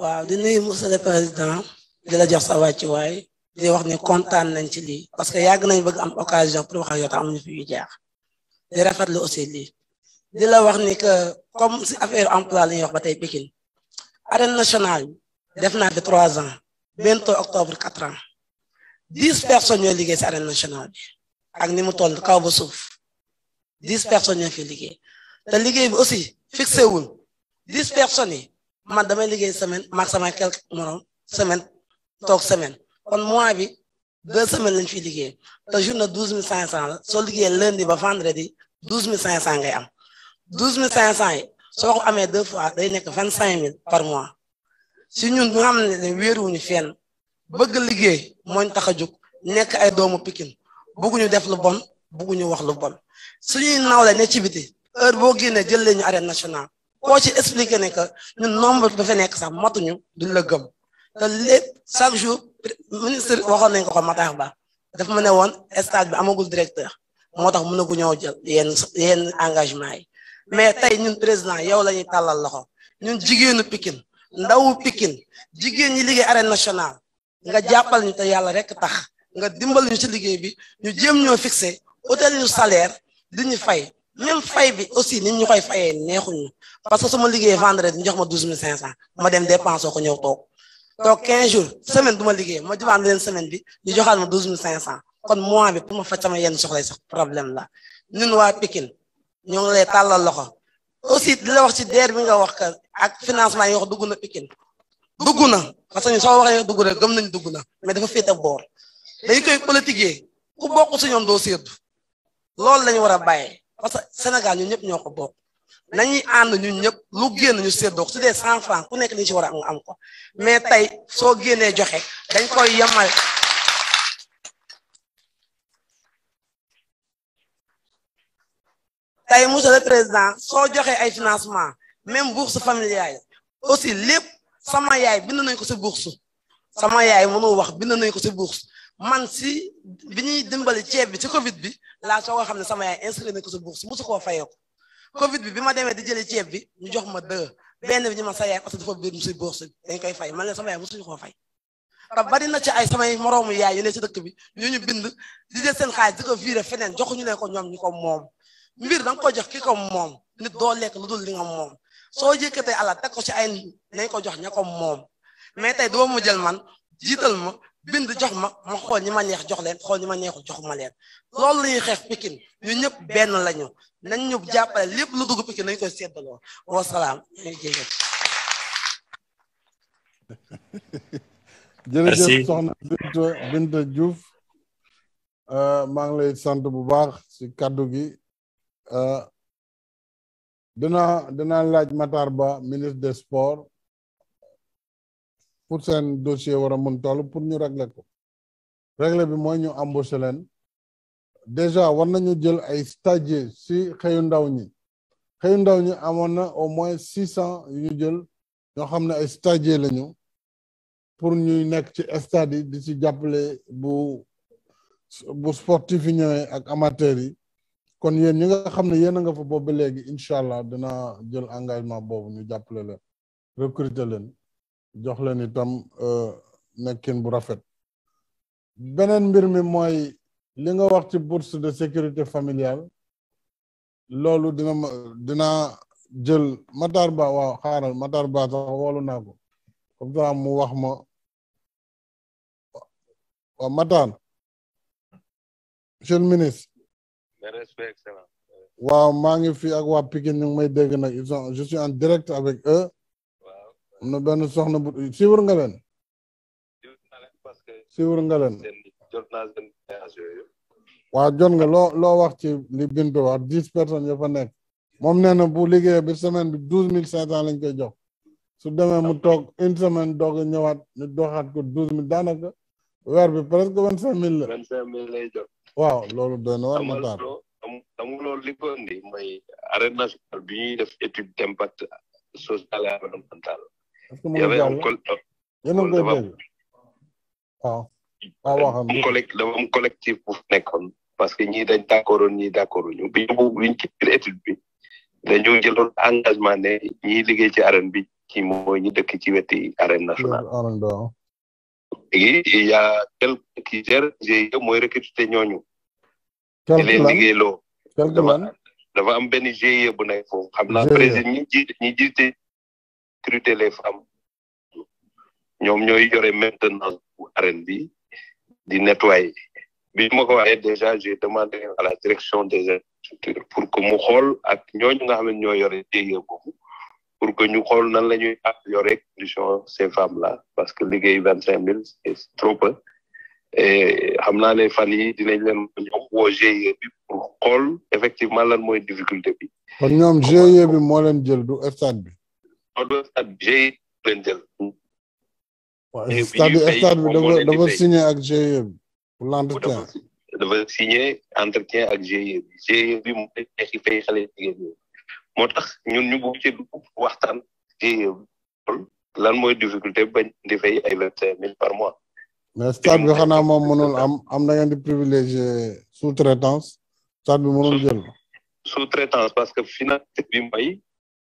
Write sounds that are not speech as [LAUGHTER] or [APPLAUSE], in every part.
waaw di nuyu monsieur le président di la jox sa waay di wax ni kontaan nañ ci lii parce que yàgg nañ bëgg am occasion pour wax ak yow te amuñu fi yu jaar di rafetlu aussi lii di la wax ni que comme si affaire emploi la ñuy wax ba tey Pikine arène nationale def naa fi trois ans bientôt octobre quatre ans dix personnes ñooy liggéey si arène nationale ak ni mu toll kaw ba suuf dix personnes ñoo fi liggéey te liggéey bi aussi fixé wul dix man damay liggéey semaine maag sama quelque morom semaine toog semaine kon mois bi deux semaine lañ fi liggéey te journée douze mille cinq cent la soo liggéeyee lundi ba vendredi douze mille cinq cent gay am douze mille cinq cent yi soo amee deux fois day nekk vingt cinq mille par mois si ñun ñu xam ne wuñu fenn bëgg liggéey mooñ tax a jóg nekk ay doomu pikin bëgguñu def lu bon bëgguñu wax lu bon si suñuy nawle ne ci biti heure boo génnee jël leen ñu arène nationale koo ci expliqué ne que ñun nombre ba fa nekk sax matuñu duñ la gëm te chaque jour ministre waxoon nañ ko ko Matar Ba dafa ma ne woon stade bi amagul directeur moo tax mënagu ñëw jël yenn yenn engagement yi mais tey ñun président yow la ñuy tàllal loxo ñun jigéenu pikin ndawu pikin jigéen ñi liggéey arène nationale nga jàppal ñu te yàlla rek tax nga dimbal ñu ci liggéey bi ñu jéem ñoo fixé hôtel yu salaire di ñu fay même fay bi aussi nit ñu koy fayee neexuñu parce que su ma liggéeyee vendredi ñu ma douze mille cinq cent ma dem dépensé ko ñëw toog toog quinze jours semaine du ma liggéey ma jëfandikoo leen semaine bi ñu joxaat ma douze mille cinq cent kon mois bi pour ma faj sama yenn soxla sax problème la ñun waa Pikine ñoo ngi lay tàllal loxo aussi di la wax ci DER bi nga wax que ak financement yi wax dugg na Pikine dugg na parce que soo waxee dugg na gëm nañ dugg na mais dafa féete boor dañ koy politiquer ku bokk si ñoom doo séddu loolu lañu war a bàyyee parce que Sénégal ñun ñëpp ñoo ko bokk nañuy ànd ñu ñëpp lu génn ñu séddoo su dee cent franc ku nekk li ci war a am ko mais tey soo génnee joxe dañ koy yemal. tey monsieur le président soo joxee ay financement même bourse familiale aussi lépp sama yaay bind nañ ko si bourse sama yaay mënul wax bind nañ ko si bourse man si bi ñuy dimbali ceeb bi ci Covid bi laa soo ko xam ne sama yaay inscrit nañ ko sa bourse musu koo fayeeku Covid bi bi ma demee di jëli ceeb bi ñu jox ma deux benn bi ñu ma sa yaay parce que dafa biir si bourse bi dañ koy fay man ne sama yaay musuñu koo fay. te bari na ci ay samay moroomu yaay yu ne ci dëkk bi yu ñu bind di jël seen xaalis di ko viré feneen joxuñu ne ko ñoom ñu ko moom mbir da nga ko jox ki ko moom nit doo lekk lu dul li nga moom soo yëkkatee alal teg ko ci ay nañ ko jox ña ko moom mais tey doo ma jël man jiital ma bind jox ma ma xol ñi ma neex jox leen xol ñi ma neexul jox ma leen loolu lañuy xeex pikin ñu ñëpp benn lañu nañ ñu jàppale lépp lu dugg pikin nañ koy seddaloo wasalaam [LAUGHS] jërëjëf soxna bind binta diouf euh, maa ngi lay sant bu baax si kaddu gi euh, dina dina laaj Matar Ba ministre des sports pour seen dossier war a mun toll pour ñu régler ko régler bi mooy ñu embauché leen déjà war nañu jël ay stagiaires si xëyu ndaw ñi xëyu ndaw ñi amoon na au moins six cent ñu jël ñoo xam ne ay stagiaires lañu pour ñuy nekk ci stade yi di ci jàppale bu bu sportif yi ak amateur yi kon yéen ñi nga xam ne yéen a nga fa boobu ba léegi incha allah dinaa jël engagement boobu ñu jàppale leen recruter leen jox leen itam euh, nekkin bu rafet beneen mbir mi mooy li nga wax ci bourse de sécurité familiale loolu dina ma dinaa jël Matar Ba waaw xaaral Matar Ba sax woolu naa ko comme ça mu wax ma waaw Matar monsieur le ministre waaw maa ngi fi ak waa Pikine ñu may dégg nag ils sont je suis en direct avec eux na benn soxna bu siiwur nga leen. siiwur nga leen. jot nga loo loo wax ci li Bintu wax dix personnes ya fa nekk moom nee na bu liggéeyee bi semaine bi douze mille cinq cent lañ koy jox su demee mu toog une semaine doog a ñëwaat ñu doxaat ko douze mille daanaka weer bi presque vingt cinq mille lay jot. waaw loolu doy na war na taal. bi def étude d'impact social et environnemental est que mën a ngi koy dégg dafa am collectif bu nekkoon parce que ñii dañ d'accord ñii d'accord ñu bi ñu buñ ci étude bi dañoo jëloon engagement ne ñiy liggéey ci arène bi ci mooy ñu dëkk ci weti arène nationale. léegi il y a quelqu'un qui gère GIE mooy recruter ñooñu. quelque lan di leen dafa am benn GIE bu nekk foofu. xam naa e. président ñi jiite ñi recruter les femmes Nous avons maintenant maintenant arène nettoyer déjà j'ai demandé à la direction des infrastructures pour que nous pour que ces femmes là parce que les 25 000, c'est trop peu et nous avons e pour effectivement difficulté ordre ak GIE leen jël. waaw stade stade bi dafa dafa ak GIE pour l'entretien. dafa signé entretien ak GIE bi GIE bi tax ñun ñu bëgg ci waxtaan GIE lan mooy difficulté bañ di fay ay vingt cinq mille par mois. mais stade bi xanaa moom mënul am am na ngeen di privilégier sous-traitance stade bi mënul jël. sous-traitance parce que finalité bi mbay.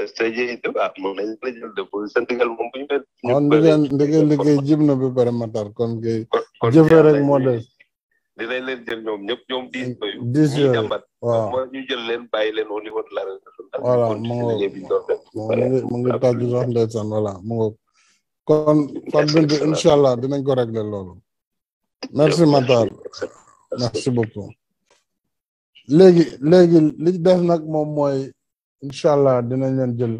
a bi ah moom la jël de pour sa ndigal moom bu ñu mel. matar kon kay. jëfe rek moo des. dinañ leen jël ñoom ñëpp ñoom diis mm, yooyu. diis yooyu la région. kon Fatou Bintou incha allah ko régler loolu. merci matar merci beaucoup. léegi léegi li des nag moom incha allah dinañ leen jël